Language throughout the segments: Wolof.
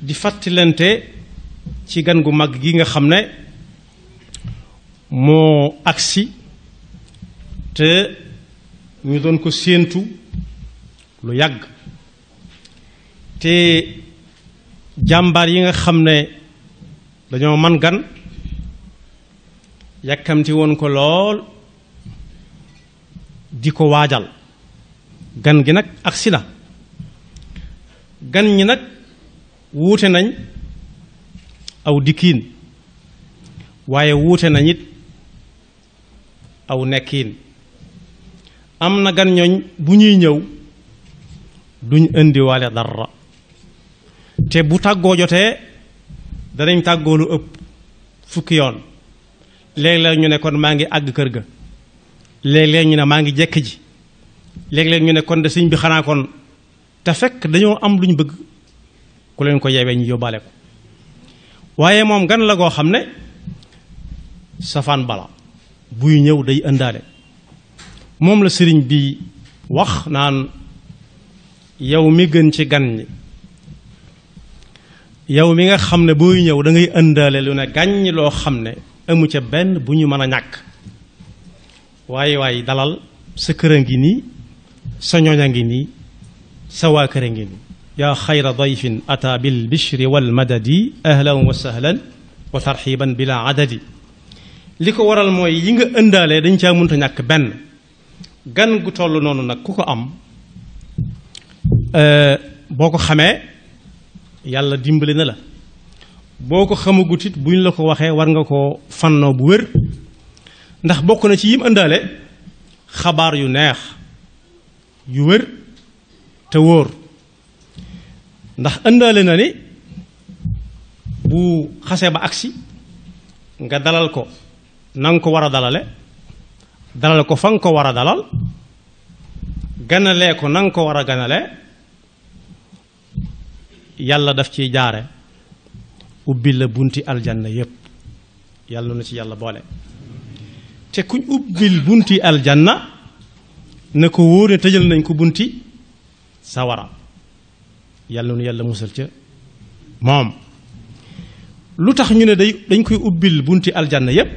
di fàttalante ci gan gu mag gi nga xam ne moo agsi te ñu doon ko séentu lu yàgg te jàmbaar yi nga xam ne dañoo man gan yàkkamti woon ko lool di ko waajal gan gi nag agsi na gan ñi nag wuute nañ aw dikkiin waaye wuute nañ it aw nekkiin am na gan ñooñ bu ñuy ñëw duñ indiwaale dara te bu tàggoo jotee danañ tàggoo lu ëpp fukki yoon léeg-léeg ñu ne kon maa ngi àgg kër ga léeg-léeg ñu ne maa ngi jekk ji léeg-léeg ñu ne kon de bi xanaa kon te fekk dañoo am lu ñu bëgg ku leen ko yeewee ñu yóbbaale ko waaye moom gan la goo xam ne safaan bala buy ñëw day ëndaale moom la sëriñ bi wax naan yow mi gën ci gan ñi yow mi nga xam ne booy ñëw da ngay ëndaale lu ne gàññ loo xam ne amu ca benn bu ñu mën a ñàkk waaye waaye dalal sa kër ngi nii sa ñoñ ngi nii sa waa kër ngi nii يا خير ضيف أتى بالبشر والمدد أهلا وسهلا وترحيبا بلا عدد ليكو ورال موي ييغا اندال دي نتا مونتا بن غان غو نونو نا كوكو ام ا أه، بوكو خامي يالا ديمبلي نلا بوكو خامو غوتيت بوين لاكو واخي وار نغاكو فانو بو وير ndax bokku na ci yim andale xabar yu ndax ëndaale na ni bu xase ba agsi nga dalal ko na ko war a dalale dalal ko fa nga ko war a dalal ganalee ko na ko war a ganale yàlla def ciy jaare ubbi la bunti aljana yépp yàlla na ci yàlla boole te kuñ ubbil bunti aljanna na ko wóor ne tëjal nañ ko bunti sawara yàlla nu yàlla musal ca moom lu tax ñu ne day dañ koy ubbil bunti aljanna yépp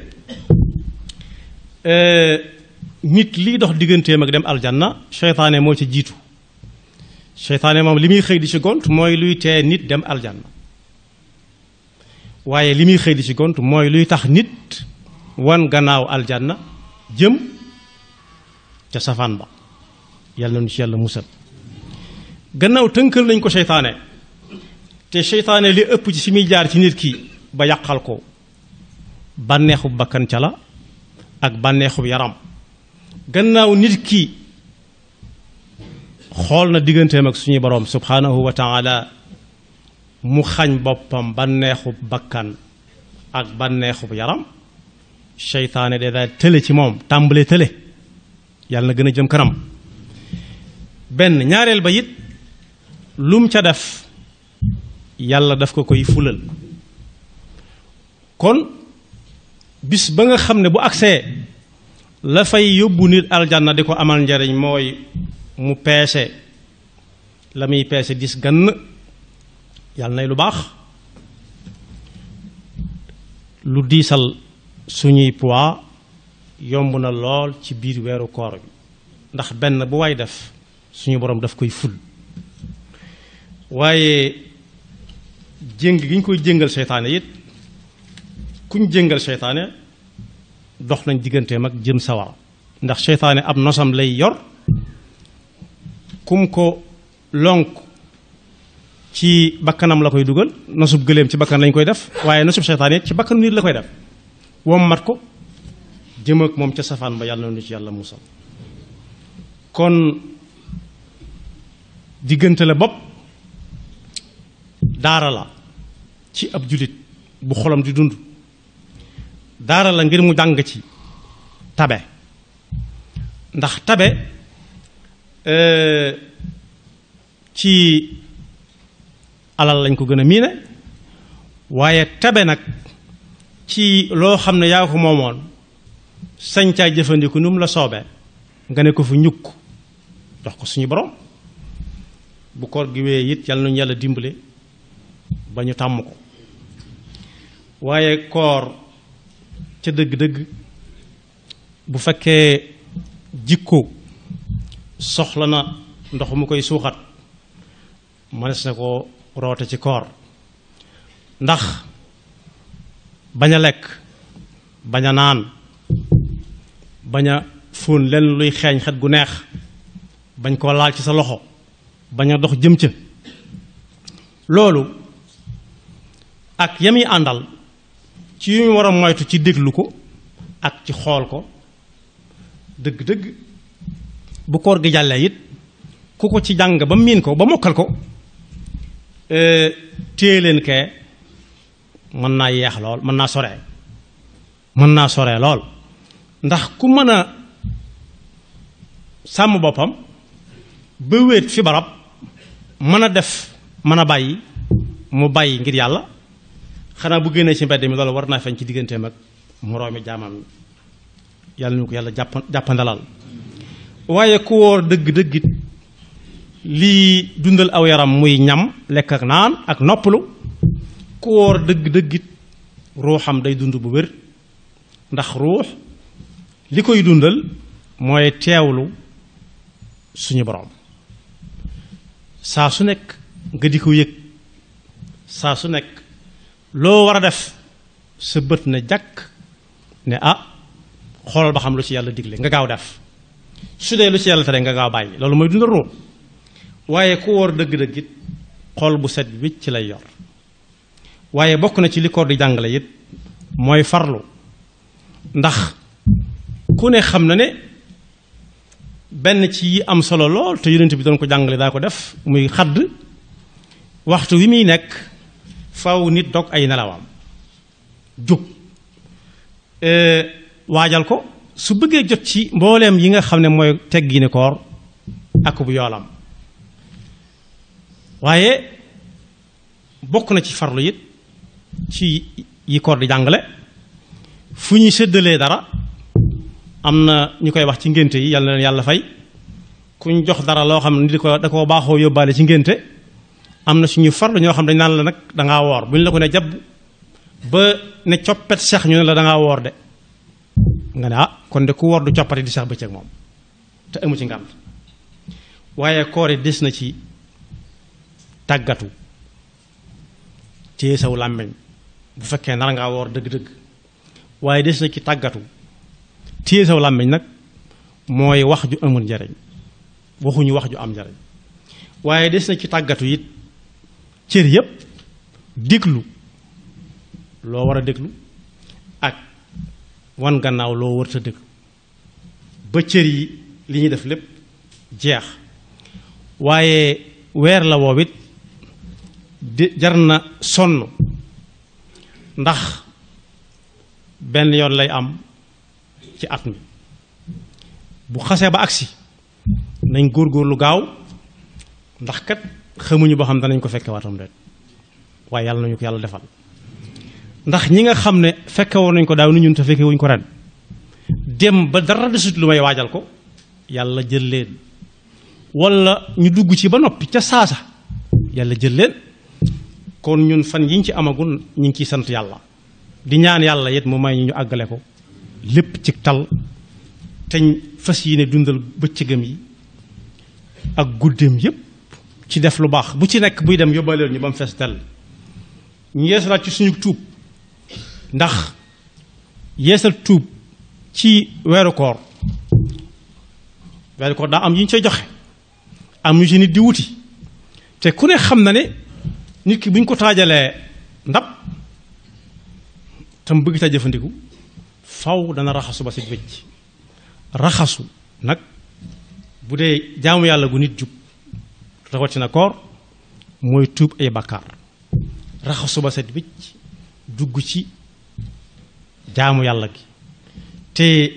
euh, nit liy dox digganteem ak dem aljanna seytaane moo ci jiitu seytaane moom li muy xëy di ci gont mooy luy tee nit dem aljanna waaye li muy xëy di ci gont mooy luy tax nit wan gannaaw aljanna jëm ca safaan ba yàlla nu ci yàlla musal gannaaw tënkal nañ ko seytaane te seytaane li ëpp ci si muy jaar ci nit ki ba yàqal ko bànneexub bakkan ca la ak bànneexub yaram gannaaw nit ki xool na digganteem ak suñu boroom subhaanahu wa taala mu xañ boppam bànneexub bakkan ak bànneexub yaram seytaane de daal tële ci moom tàmbale tële yàlla na gën a jëm kanam benn ñaareel ba it lum ca def yàlla daf ko koy fulal kon bis ba nga xam ne bu agsee la fay yóbbu nit aljanna di ko amal njariñ mooy mu peese la muy peese dis gann yàlla na lu baax lu diisal suñuy poids yomb na lool ci biir weeru koor bi ndax benn bu waay def suñu boroom daf koy ful waaye jëng gi ñu koy jéngal seytaane it kuñ jëngal seytaane dox nañ digganteem ak jëm sawara ndax seytaane ab nosam lay yor kum ko lonk ci bakkanam la koy dugal nosub gëléem ci bakkan lañ koy def waaye nosub seytaane ci bakkanu nit la koy def wom mat ko jëm ak moom ca safaan ba yàlla na ci yàlla musal kon diggante la bopp daara la ci ab jullit bu xolam di dund daara la ngir mu jàng ci tabe ndax tabe euh, ci alal lañ ko gën a miine waaye tabe nag ci loo xam ne yaa ko moomoon sañ caa jëfandiku nu mu la soobe nga ne ko fu ñukk jox ko suñu borom bu koor gi wee it yàlla nañu yàlla dimbale bañu ñu tàmm ko waaye koor ca dëgg-dëgg bu fekkee jikko soxla na ndox mu koy suuxat mënees na ko roote ci koor ndax bañ a lekk bañ a naan bañ a fóon lenn luy xeeñ xet gu neex bañ koo laal ci sa loxo bañ a dox jëm ca loolu ak yamuy àndal ci yu ñu war moytu ci déglu ko ak ci xool ko dëgg-dëgg bu koor gi jàllee it ku ko ci jàng ba miin ko ba mokkal ko euh, téye leen kee mën naa yeex lool mën naa sore mën naa sore lool ndax ku mën a sàmm boppam ba wéet fi barab mën a def mën a bàyyi mu bàyyi ngir yàlla xana bu gene ci mbedd mi lolou warna fañ feeñ ci digganteem ak moroomi jaamam yalla ñu ko yàlla jàpp jàppandalal waaye ku wor deug deug li dundal aw yaram muy ñam lek ak naan ak noppalu ku wor deug deug ruham day dund bu wër ndax ruh li koy dundal moy tewlu suñu borom sa su sasunek nga diko yek sa su nek loo war a def sa bët na jàkk ne ah xoolal ba xam lu ci yàlla digle nga gaaw def su dee lu ci yàlla tere nga gaaw bàyyi loolu mooy dundal ruux waaye ku woor dëgg-dëgg it xool bu set ci lay yor waaye bokk na ci li di jàngale it mooy farlu ndax ku ne xam na ne benn ci yi am solo lool te yonent bi doon ko jàngale daa ko def muy xadd waxtu wi muy nekk faw nit dog ay nelawam jóg euh, waajal ko su bëggee jot ci mbooleem yi nga xam ne mooy teggini koor ak bu yoolam waaye bokk na ci farlu it ci yi koor di jàngale fu ñuy séddalee dara am na ñu koy wax ci ngénte yi yàlla leen yàlla fay kuñ jox dara loo xam ne di ko da koo baaxoo yóbbaale ci ngénte am na suñu farlu ñoo xam dañ naan la nag dangaa woor bu ñu la ko ne jàpp ba ne coppet seex ñu ne la dangaa woor de nga ne ah kon de ku woor du coppati di seex bëccëg moom te amu ci ngànt waaye koor yi des na ci tàggatu téye saw bu fekkee nar ngaa woor dëgg-dëgg waaye des na ci tàggatu téye saw nag mooy wax ju amul njariñ waxuñu wax ju am njariñ waaye des na ci tàggatu it cër yépp déglu loo war a déglu ak wan gannaaw loo wërta déglu ba cër yi li ñuy def lépp jeex waaye weer la woow di jar na sonn ndax benn yoon lay am ci at mi bu xasee ba agsi nañ góorgóorlu gaaw ndax kat xamuñu boo xam danañ ko fekkee waatam déet waaye yàlla nañu ko yàlla defal ndax ñi nga xam ne fekke woon nañ ko daaw ni ñun te fekkee wuñ ko ren dem ba dara desut lu may waajal ko yàlla jël leen wala ñu dugg ci ba noppi ca saasa yàlla jël leen kon ñun fan yiñ ci amagul ñu ngi ciy sant yàlla di ñaan yàlla it mu may ñu àggale ko lépp ci tal teñ fas yi ne dundal bëccëgam yi ak guddeem yépp ci def lu baax bu ci nekk buy dem yóbbaaleel ñu ba mu fees dell ñu yeesalaat ci suñu tuub ndax yeesal tuub ci weeru koor weeru koor daa am yi ñu cay joxe am yu ci nit di wuti te ku ne xam na ne nit ki bu ñu ko taajalee ndab tam bëgg ta jëfandiku faw dana raxasu ba si wécc raxasu nag bu dee jaamu yàlla gu nit jub na koor mooy tuub ay bakkaar raxasu ba set wicc dugg ci jaamu yàlla gi te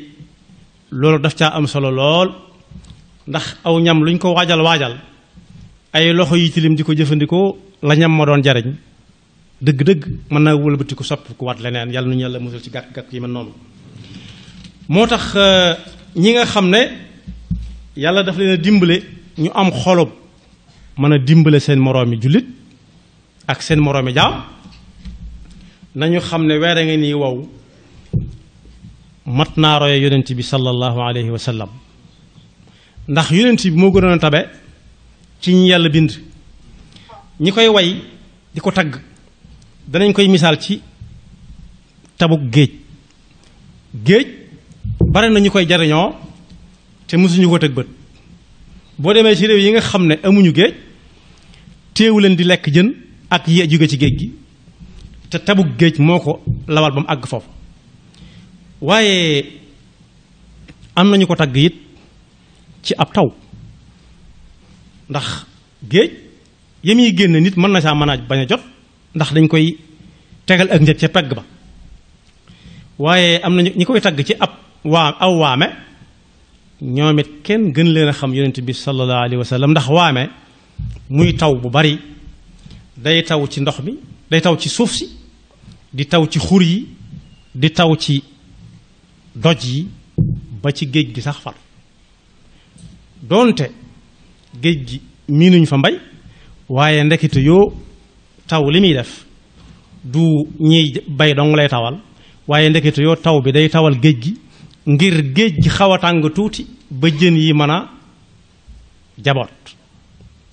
loolu daf caa am solo lool ndax aw ñam luñ ko waajal waajal ay loxo yi tilim di ko jëfandikoo la ñam ma doon jariñ dëgg-dëgg mën naa wëlbati ko sopp ku wat leneen yàlla nu ñu yàlla musal ci gàkk-gàkk yi man noonu moo tax euh, ñi nga xam ne daf leen a ñu am xolob mën a dimbale seen moroomi jullit ak seen moroomi jaam nañu xam ne weer a ngi nii wow mat naa roye yonent bi sallallahu alayhi wa ndax yonent bi moo gënoon a tabe ci ñi yàlla bind ñi koy way di ko tagg danañ koy misaal ci tabuk géej géej bare na ñu koy jariñoo te mësuñu ko tëg bët boo demee ci réew yi nga xam ne amuñu géej téewu leen di lekk jën ak yee jóge ci géej gi te tabu géej moo ko lawal ba mu àgg foofu waaye am nañu ko tagg it ci ab taw ndax géej yi muy génn nit mën na saa mën a bañ a jot ndax dañ koy tegal ak njët ca pegg ba waaye am nañu ñu koy tagg ci ab waa aw waame ñoom it kenn gën leen a xam yonent bi sallallahu alayhi wa sallam ndax waame muy taw bu bari day taw ci ndox bi day taw ci suuf si di taw ci xur yi di taw ci doj yi ba ci géej gi sax far doonte géej gi miinuñ fa mbay waaye ndekete yoo taw li muy def du ñiy bay dong lay tawal waaye ndekete yoo taw bi day tawal géej gi ngir géej gi xaw a tàng tuuti ba jën yi mën a jaboot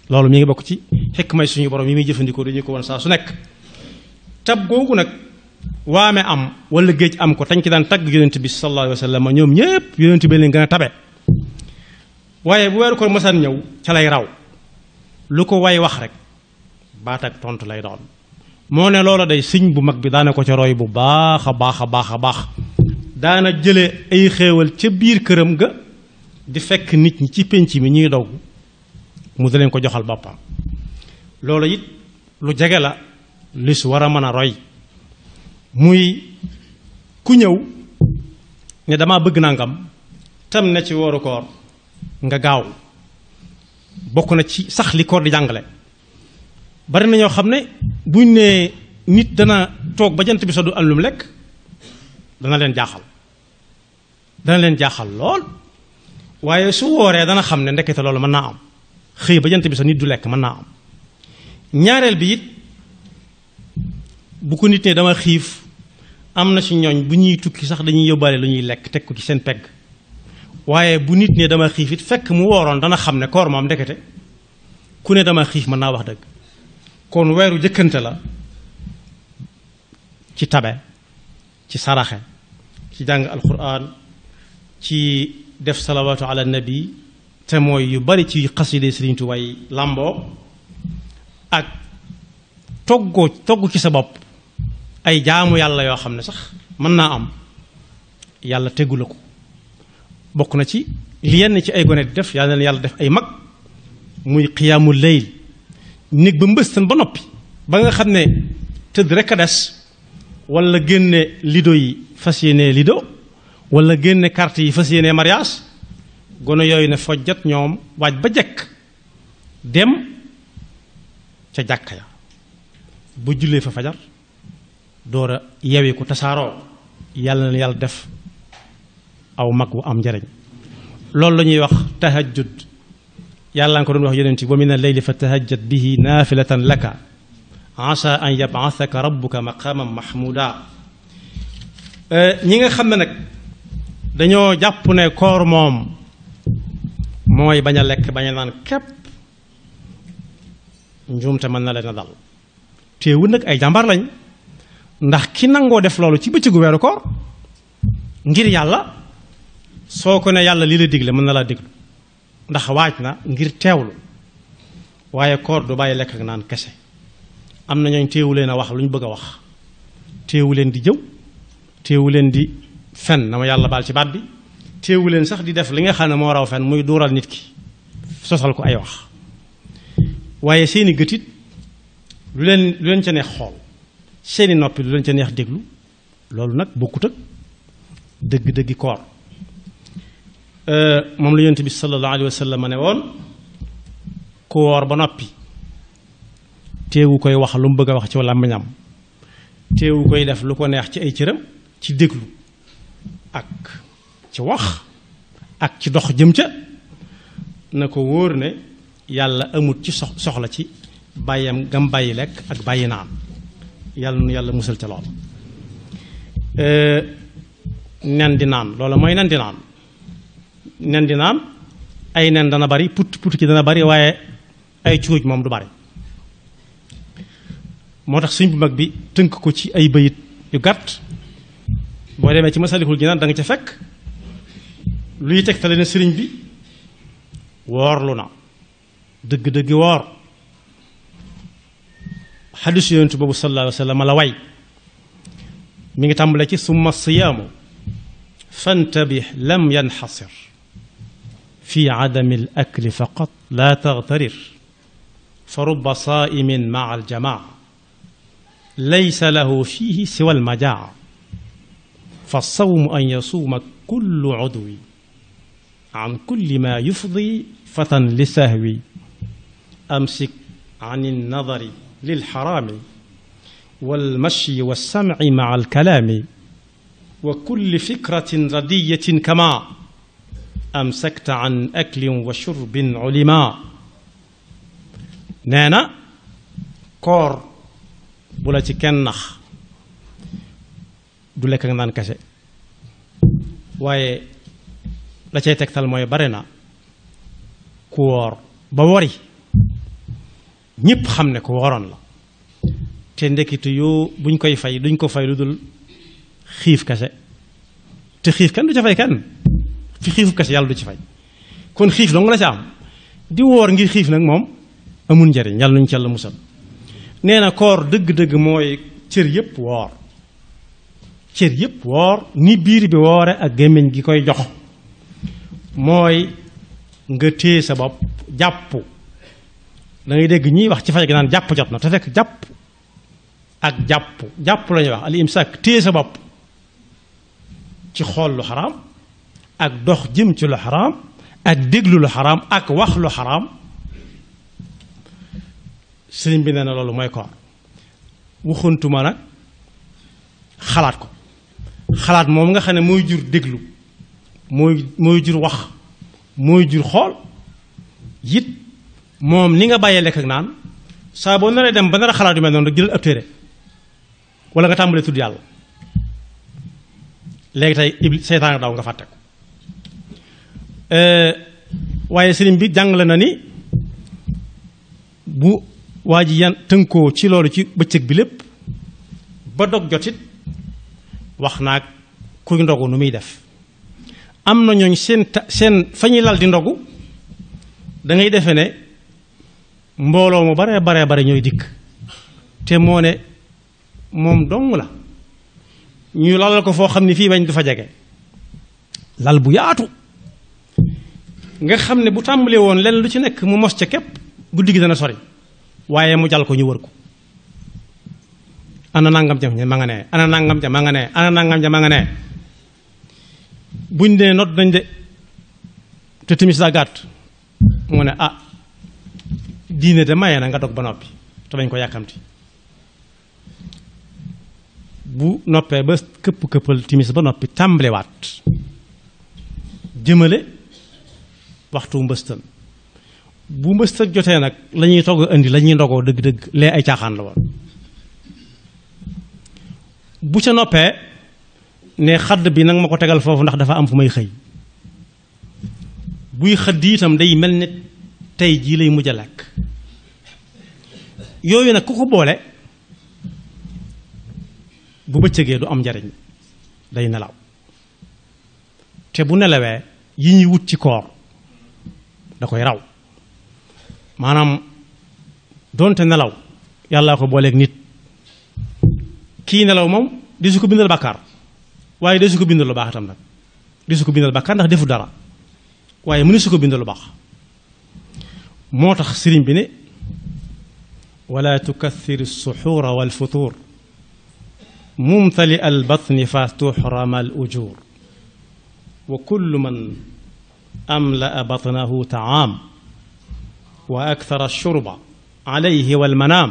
loolu mu ngi bokk ci xekk may suñu borom yi muy jëfandikoo dañu ko woon saa su nekk tab googu nag waame am wala géej am ko tañ ci daan tagg yonent bi sallallahu alayhi wa sallam ñoom ñëpp yonent bi leen gën a tabe waaye bu weeru ko mësaan ñëw ca lay raw lu ko way wax rek baat ak tontu lay doon moo ne loola day siñ bu mag bi daane ko ca roy bu baax a baax a baax a baax daana jële ay xewal ca biir këram ga di fekk nit ñi ci pénc mi ñuy dogg mu da leen ko joxal boppam loolu it lu jege la li su war a mën a roy muy ku ñëw ne dama bëgg nangam tam ne ci wooru koor nga gaaw bokk na ci sax li koor di jàngale bari na ñoo xam ne buñ ne nit dana toog ba jant bi so du am lekk dana leen jaaxal dana leen jaaxal lool waaye su wooree dana xam ne ndekete loolu mën naa am xëy ba jant bi sa nit du lekk mën naa am ñaareel bi it bu ko nit ne dama xiif am na ci ñooñ bu ñuy tukki sax dañuy yóbbaale lu ñuy lekk teg ko ci seen pegg waaye bu nit ne dama xiif it fekk mu wooroon dana xam ne koor moom ndekete ku ne dama xiif mën naa wax dëgg kon weeru jëkkante la ci tabe ci saraxe ci jàng alquran ci def salawaatu ala nabi te mooy yu bari ci xaside serigne Tuubaa yi làmboo ak toggo toggu ci sa bopp ay jaamu yàlla yoo xam ne sax mën naa am yàlla tegu la ko bokk na ci li yenn ci ay gone def yàlla yàlla def ay mag muy xiyaamu layl néeg ba mbëstan ba noppi ba nga xam ne tëdd rekk a des wala génne lido yi fas yéene lido wala génne carte yi fas yéenee mariage gono yooyu ne fojjat ñoom waaj ba jekk dem ca jàkka ya bu jullee fa fajar door a yewi ku tasaaroo yàlla na yàlla def aw mag bu am njariñ loolu la ñuy wax tahajjud yàlla nga ko doon wax yonent ci wa min alleyli fa tahajjad bihi naafilatan laka asa an yabathaka rabbuka maqaman mahmuda ñi nga xam ne nag dañoo jàpp ne koor moom mooy bañ a lekk bañ a naan képp njuumte mën na leen a dal teewul nag ay jàmbaar lañ ndax ki nangoo def loolu ci bëccëgu weeru koor ngir yàlla soo ko ne yàlla lii la digle mën na laa diglu ndax waaj na ngir teewlu waaye koor du bàyyi lekk ak naan kese am na ñooñ teewu leen a wax lu ñu bëgg a wax teewu leen di jëw teewu leen di fen na ma yàlla baal ci baat bi teewu leen sax di def li nga xam ne moo raw fen muy duural nit ki sosal ko ay wax waaye seeni gëtit lu leen lu leen ca neex xool seeni noppi lu leen ca neex déglu loolu nag bokkut ak dëgg-dëggi koor moom la yonent bi sallallahu alayhi wa sallam ne woon ku woor ba noppi teewu koy wax lu mu bëgg a wax ci làmmiñam teewu koy def lu ko neex ci ay cëram ci déglu ak ci wax ak ci dox jëm ca na ko wóor ne yàlla amut ci sox soxla ci bàyyam gam bàyyi lekk ak bàyyi naan yàlla nu yàlla musal ca lool nen di naan loola mooy nen di naan nen di naan ay nen dana bari put put ki dana bari waaye ay cuuj moom du bari moo tax suñ bu mag bi tënk ko ci ay bayit yu gàtt boo demee ci masalikul jinaan da nga ca fekk luy tegtale ne sëriñ bi lu na dëgg-dëgg woor xadisu yonentu boobu sallallahu alayhi wa sallam la way mi ngi tàmbale ci summa siyaamu fantabih lam yanxasir fi adam al akli faqat la tagtarir fa ruba saa'imin maa jamaa laysa lahu fihi siwa almajaa فالصوم أن يصوم كل عضو عن كل ما يفضي فتى لسهوي أمسك عن النظر للحرام والمشي والسمع مع الكلام وكل فكرة ردية كما أمسكت عن أكل وشرب علما نانا كور بولاتي كنخ du lekk ak naan kase waaye la cay tegtal mooy bare na ku woor ba wori ñépp xam ne ku woroon la te ndekkitu yoo buñ koy fay duñ ko fay lu dul xiif kase te xiif kenn du ca fay kenn fi xiifu kese yàlla du ci fay kon xiif dong la ca am di woor ngir xiif nag moom amul njariñ yàlla nuñ ci yàlla musal nee na koor dëgg-dëgg mooy cër yépp woor cër yépp woor ni biir bi woore ak gémmiñ gi koy jox mooy nga téye sa bopp jàpp da ngay dégg ñiy wax ci faj gi naan jàpp jot na te fekk jàpp ak jàpp jàpp lañuy wax al imsak téye sa bopp ci xool lu xaraam ak dox jëm ci lu xaraam ak déglu lu xaraam ak wax lu xaraam sëriñ bi nee na loolu mooy koor waxuntuma nag xalaat ko xalaat moom nga xam ne mooy jur déglu mooy mooy jur wax mooy jur xool it moom ni nga bàyyee lekk ak naan saaboo boo dem ba nar a xalaat yu mel noonu rek jëlal ab téere wala nga tàmbalee tudd yàlla léegi tey iblis seytaan daw nga fàtte ko euh, waaye sëriñ bi jàngale na ni bu waa ji yan tënkoo ci loolu ci bëccëg bi lépp ba dog jotit wax naag kuy ndogu nu muy def am na ñooñ seen ta seen fa ñuy lal di ndogu dangay defe ne mbooloo mu baree baree bare ñooy dikk te moo ne moom dong la ñuy lalal ko foo xam ne fii bañ du fa jege lal bu yaatu nga xam ne bu tàmbalee woon lenn lu ci nekk mu mos ca képp guddi gi dana sori waaye mu jal ko ñu wër ko ana nangam ca ma nga ne ana nangam ca ma nga ne ana nangam ca ma nga ne buñ ne nodd nañ de te timis daa gàtt mu ne ah diine de maye na nga dog ba noppi te bañ ko yàkkamti bu noppee ba këpp këppal timis ba noppi tàmbalewaat jëmale waxtu mbëstal bu mbëstal jotee nag la ñuy togg indi la ñuy ndogoo dëgg-dëgg lee ay caaxaan la woon bu ca noppee ne xadd bi nag ma ko tegal foofu ndax dafa am fu may xëy buy xëdd itam day mel nit tey jii lay mujj a lekk yooyu nag ku ko boole bu bëccëgee du am njariñ day nelaw te bu nelawee yi ñuy wut ci koor da koy raw maanaam doonte nelaw yàllaa ko booleeg nit kii nelaw moom desu ko bindal bàkkaar waaye desu ko bindal lu baax itam nag desu ko bindal bàkkaar ndax defu dara waaye mënu su ko bindal lu baax moo tax sëriñ bi ne wala tukathir suxuura wal futuur mumtali al batni fa tuxrama al ujur wa kullu man amlaa batnahu taam wa akthara alshurba alayhi walmanaam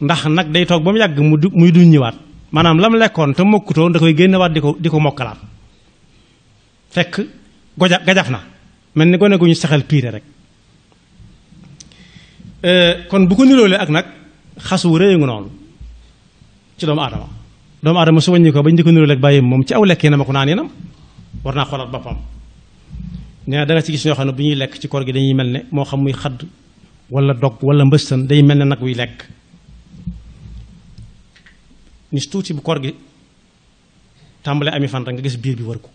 ndax nag day toog ba mu yàgg mu du muy duñ ñëwaat maanaam lam lekkoon te mokkutoo da koy génnewaat di ko di ko mokkalaat fekk goja gajaf na mel ni gone gu ñu saxal piire rek euh, kon bu ko niroole ak nag xas wu rëy ngi noonu ci doomu aadama doomu aadama su wàññi ko bañ di ko niroole ak bàyyi moom ci aw lekkee na ma ko naan yenam war naa xoolaat boppam nee na da nga ci gis ñoo xam ne bu ñuy lekk ci koor gi dañuy mel ne moo xam muy xadd wala dog wala mbëstan day mel ne nag wuy lekk nis tuuti bu koor gi tàmbalee ami fan rek nga gis biir bi wër ko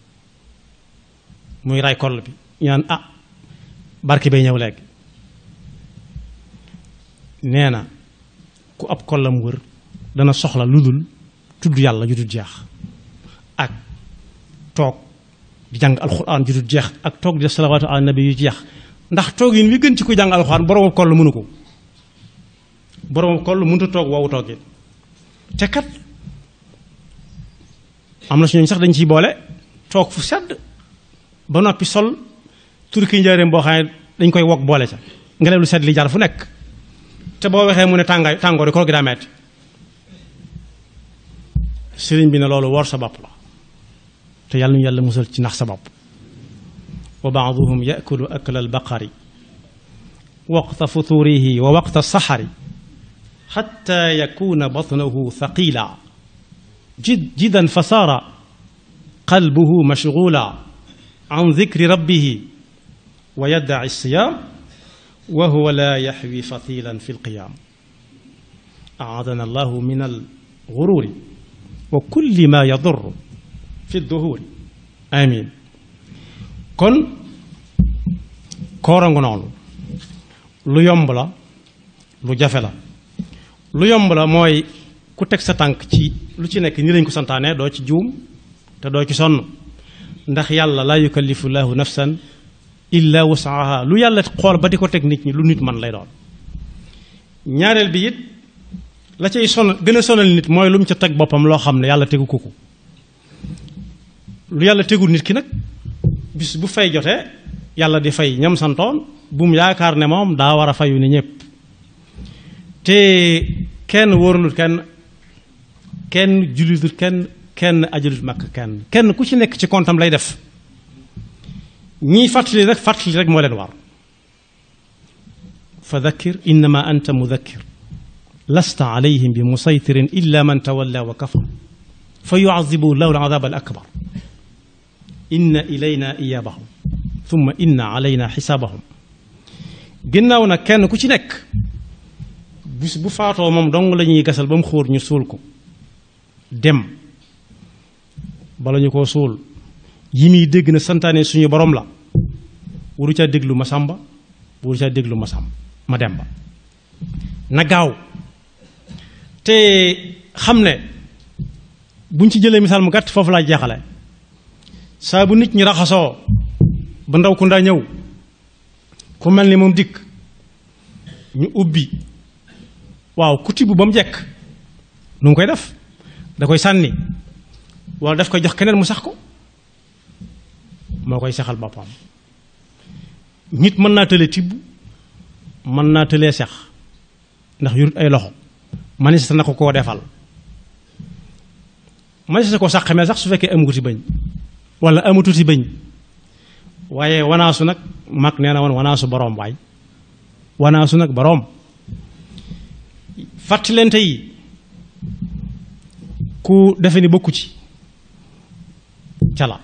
muy ray koll bi ñaan ah barki bay ñëw léegi nee na ku ab kollam wër dana soxla ludul, dul tudd yàlla ju dul jeex ak toog di jàng alquran ju dul jeex ak toog di def salawaatu ala nabi yu jeex ndax toogin wi gën ci ku jàng alxuraan boroomu koll mënu ko boroomu koll mënut a toog woowu te kat amna suñu sax dañ ci bolé tok fu sedd ba nopi sol turki ndiarem bo xam dañ koy wok bolé sa ngalé lu sedd li jaar fu nek te bo waxé mu ne tangay tangor ko gi daa metti sëriñ bi ne lolu wor sa bop la te yàlla ñu yàlla musul ci nax sa bop wa ba'dhuhum yakulu akla al-baqari وقت فطوره ووقت السحر حتى يكون بطنه ثقيلا جد جدا فصار قلبه مشغولا عن ذكر ربه ويدعي الصيام وهو لا يحوي فتيلا في القيام أعاذنا الله من الغرور وكل ما يضر في الظهور آمين كن كورا noonu لو يمبلا لو جفلا لو يمبلا موي ku teg sa tànk ci lu ci nekk ni lañ ko santaane doo ci juum te doo ci sonn ndax yàlla laa yukallifu laahu nafsan illa wasaaha lu yàlla xool ba di ko teg nit ñi lu nit man lay doon ñaareel bi it la cay sonal gën a nit mooy lu mu ca teg boppam loo xam ne yàlla tegu ko ko lu yàlla tegul nit ki nag bis bu fay jotee yàlla di fay ñam santoon bu yaakaar ne moom daa war a fayu ni ñëpp te kenn wóorul kenn كان جلوز كان كان أجلس مكة كان كان كوش إنك تكون تملاي دف ني فتل لك فتل لك مولا نوار فذكر إنما أنت مذكر لست عليهم بمسيطر إلا من تولى وكفر فيعذبوا الله العذاب الأكبر إن إلينا إيابهم ثم إن علينا حسابهم قلنا هنا كوش إنك بس بفاتو مم دونغ لني كسل بمخور نسولكم dem bala ñu koo suul yi muy dégg na santaane suñu borom la waru caa déglu ma sàmba waru caa déglu ma sàmb ma dem ba na gaaw te xam ne buñ ci jëlee misaal mu gàtt foofu laa jeexale saa bu nit ñi raxasoo ba ndaw ku ndaa ñëw ku mel ni moom dikk ñu ubbi waaw kutibu ba mu jekk nu mu koy def da koy sànni wala daf koy jox keneen mu sax ko moo koy saxal boppam nit mën naa tële tibb mën naa tëlee sax ndax yurut ay loxo manisé na ko koo defal manisé ko sax xamee sax su fekkee amu ci bañ wala amatu ci bañ waaye wanaasu nag mag nee na woon wanaasu boroom waay wanaasu nag boroom fàttalente yi ku defe ni bokku ci cala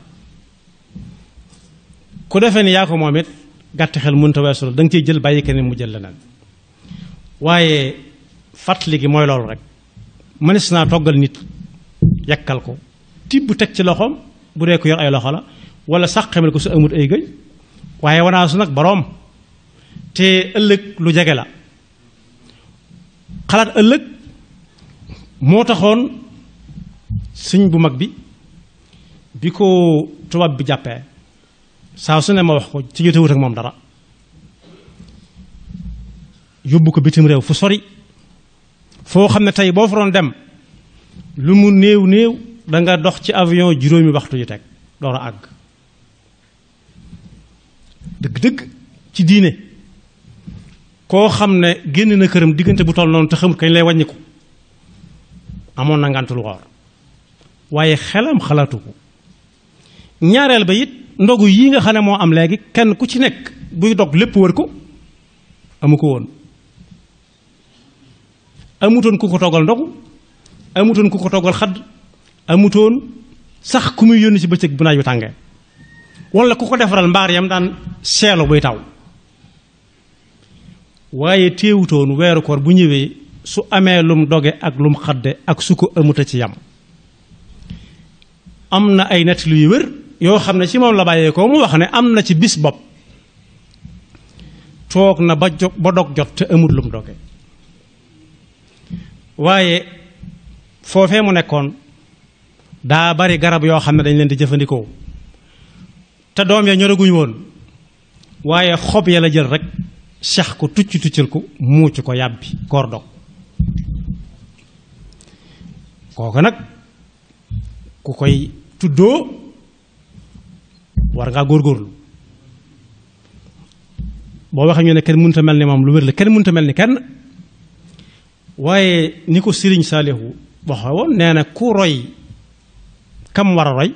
ku defee ni yaa ko moom it gàtt xel mënta weesu la da nga ciy jël bàyyi keneen mu jël leneen waaye fàttali gi mooy loolu rek mënees naa toggal nit yàkkal ko tibb teg ci loxoom bu dee ko ay loxo la wala sax xamal ko su amut ay gëñ waaye wanaa nag boroom te ëllëg lu jege la xalaat ëllëg moo taxoon sëñ bu mag bi bi ko tubaab bi jàppee saa su ne ma wax ko ci jotewut ak moom dara yóbbu ko bitim réew fu sori foo xam ne tey boo fa doon dem lu mu néew néew danga dox ci avion juróomi waxtu yu teg door a àgg dëgg-dëgg ci diine koo xam ne génn na këram diggante bu toll noonu te xamut kañ lay wàññiku amoon na ngàntu lu woor waaye xelam xalaatu ko ñaareel ba it ndogu yi nga xam ne moo am léegi kenn ku ci nekk buy dog lépp wër ko amu ko woon amutoon ku ko toggal ndogu amutoon ku ko toggal xadd amutoon sax ku muy yónni ci bëccëg bu naaj wi tàngee walla ku ko defaral mbaar yam daan seelo buy taw waaye téewutoon weeru koor bu ñëwee su amee lum doge ak lum xadde ak su ko amuta ci yam am na ay nett luy wér yoo xam ne ci moom la koo mu wax ne am na ci bis bopp toog na ba dog jot te amul lum doge waaye foofee mu nekkoon daa bari garab yoo xam ne dañ leen di jëfandikoo te doom ya ñoraguñ woon waaye xob ya la jël rek sax ko tucc tuccal ko muuc ko yàbbi koor dog kooku nag ku koy tuddoo war ngaa góorgóorlu boo waxee ñu kenn mënut mel ni moom lu wér la kenn mënut mel ni kenn waaye ni ko Sëriñ Saalihu waxee woon nee na ku roy kam war a roy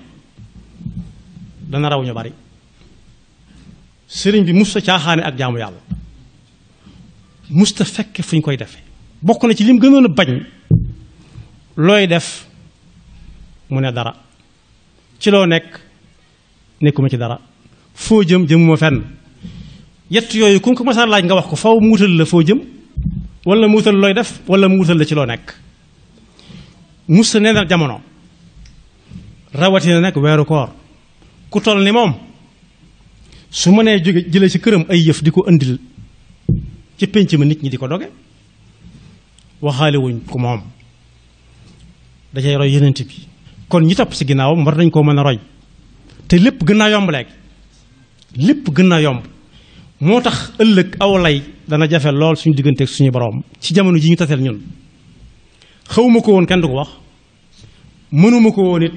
dana raw ñu bari sëriñ bi musta caaxaane ak jaamu yàlla musta fekke fu ñu koy defe bokk na ci lim gënoon bañ looy def mu ne dara ci loo nekk nekkuma ci dara foo jëm jëmuma fenn yett yooyu ku ko masaan laaj nga wax ko faw mu la foo jëm wala mu looy def wala mu la ci loo nekk musta ne na jamono rawatina nag weeru koor ku toll ni moom su mënee jóge jële ci këram ay yëf di ko andil ci pénc ma nit ñi di ko doge waxaale wuñ ko moom dajay roy yenente bi kon ñi topp si ginnaawam war nañ ko mën a roy te lépp gën yomb léegi lépp gën yomb moo tax ëllëg aw lay dana jafe lool suñu digganteeg suñu borom ci jamono ji ñu taseel ñun xawma ko woon kenn du ko wax mënuma ko woon it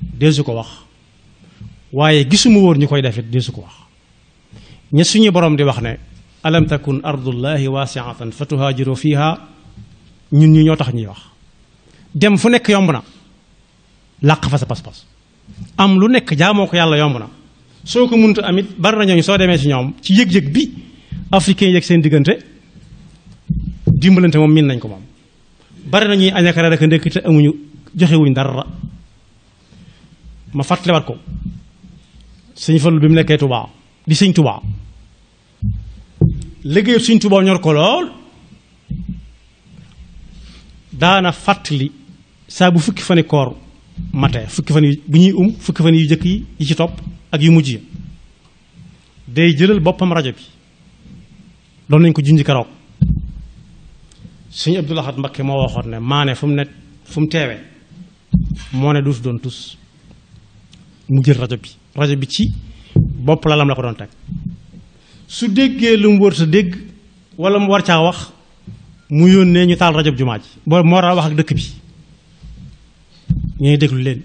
deesu ko wax waaye gisuma woon ñu koy def it ko wax ña suñu borom di wax ne alam takun ardullahi wasiatan fatuhajiru fiha ñun ñu ñoo tax ñuy wax dem fu nekk yomb na làq fa sa pas-pas am lu nekk jaamoo ko yàlla yomb na soo ko mënut amit bari na soo demee ci ñoom ci yëg-yëg bi africain yi yëg seen diggante dimbalante moom miin nañ ko moom bari na ñuy añakara rek ndekk te amuñu joxewuñ dara ma fàttaliwaat ko sëñ Fallu bi mu nekkee Touba di sëñ Touba liggéeyu sëñ Touba ñor ko lool daana fàttali saa bu fukki fani mate fukki fan yu bu ñuy um fukki fan yu jëkk yi yi ci topp ak yu mujj yi day jëlal boppam rajo bi doon nañ ko junj karoog suñu Abdou Lahad Mbacké moo waxoon ne maane fu mu ne fu mu teewee moo ne duutu doon tus mu jël rajo bi rajo bi ci bopp lalam la ko doon teg su déggee lu mu wër sa dégg wala mu war caa wax mu yónnee ñu taal rajo bi jumaa ji boo moo war wax ak dëkk bi ñuy déglu leen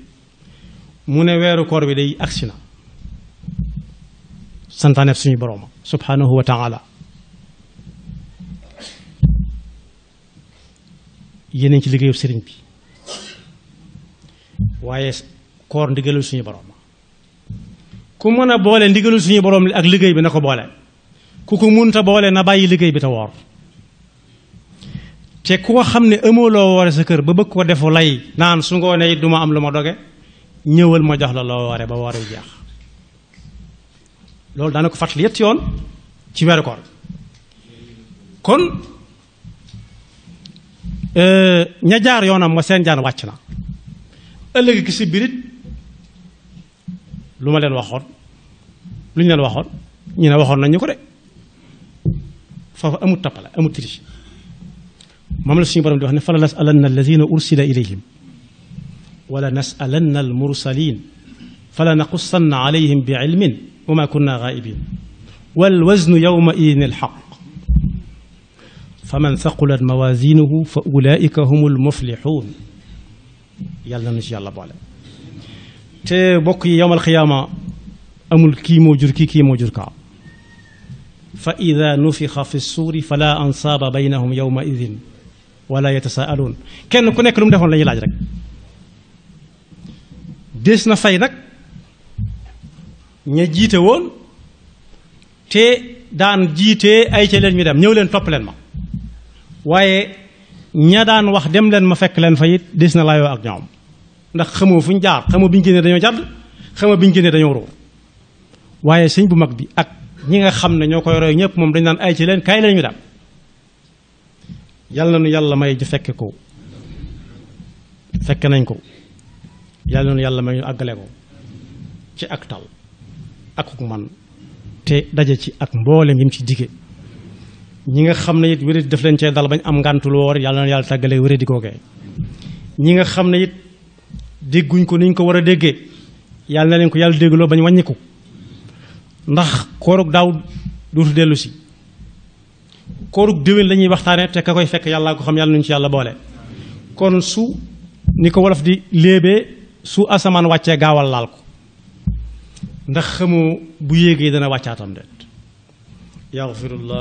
mu ne weeru koor bi day agsi na santaanef suñu boroom subhanahu wa taala yéen ci liggéeyu sëriñ bi waaye koor ndigalul suñu boroom ku mën a boole ndigalul suñu boroom ak liggéey bi na ko boole ku ko munta boole na bàyyi liggéey bi te woor te koo xam ne amoo loo woore sa kër ba bëgg ko defu lay naan su ngoonee it du ma am lu ma doge ñëwal ma jox la loo woore ba woore jeex loolu daana ko fàttali yett yoon ci weeru koor kon euh, ña jaar yoonam ma seen jaan wàcc na ëllëg gi si birit lu ma leen waxoon lu ñu leen waxoon ñu ne waxoon nañu ko de foofu amut tappale amut triche moom la suñu borom di wax ne fala nasalanna alladina ursila ilayhim wala nasalanna almursalin fala naqussanna alayhim bi ilmin wa ma kunna gaibin والوزن يومئذ الحق faman thaqulat mawazinuhu fa ulaika humul muflihun yàlla na ci yàlla boole te bokk yi yowmal xiyaama amul kii moo jur kii kii moo jur kaa fa ida nufixa fi suuri fala ansaaba baynahum yowma idin wala yatasaaluun kenn ku nekk lu mu defoon la ñuy laaj rek des na fay nag ña jiite woon te daan jiitee ay ca leen ñu dem ñëw leen topp leen ma waaye ña daan wax dem leen ma fekk leen fa it des na laayoo ak ñoom ndax xamoo fu ñu jaar xamoo bi ñu génnee dañoo jàdd xamoo bi ñu génnee dañoo ruur waaye sëñ bu mag bi ak ñi nga xam ne ñoo koy roy ñëpp moom dañ naan ay ci leen kaay leen ñu dem yàlla na nu yàlla may ji fekke ko fekke nañ ko yàlla nu yàlla may àggale ko ci ak tal ak man te daje ci ak mboole ngim ci dige ñi nga xam ne it wéradi daf leen cee dal bañ am ngàntu lu war yàlla na yàlla tàggalee wéradi googee ñi nga xam ne it dégguñ ko niñ ko war a déggee yàlla na leen ko yàlla déggloo bañ wàññiku ndax koorug daaw dootu dellu koorug déwén la ñuy waxtaane te ka koy fekk yàllaa ko xam yàlla nañu ci yàlla boole kon su ni ko wolof di léebe su asamaan wàccee gaawal laal ko ndax xamoo bu yéegee dana wàccaatam déet yaxfirullah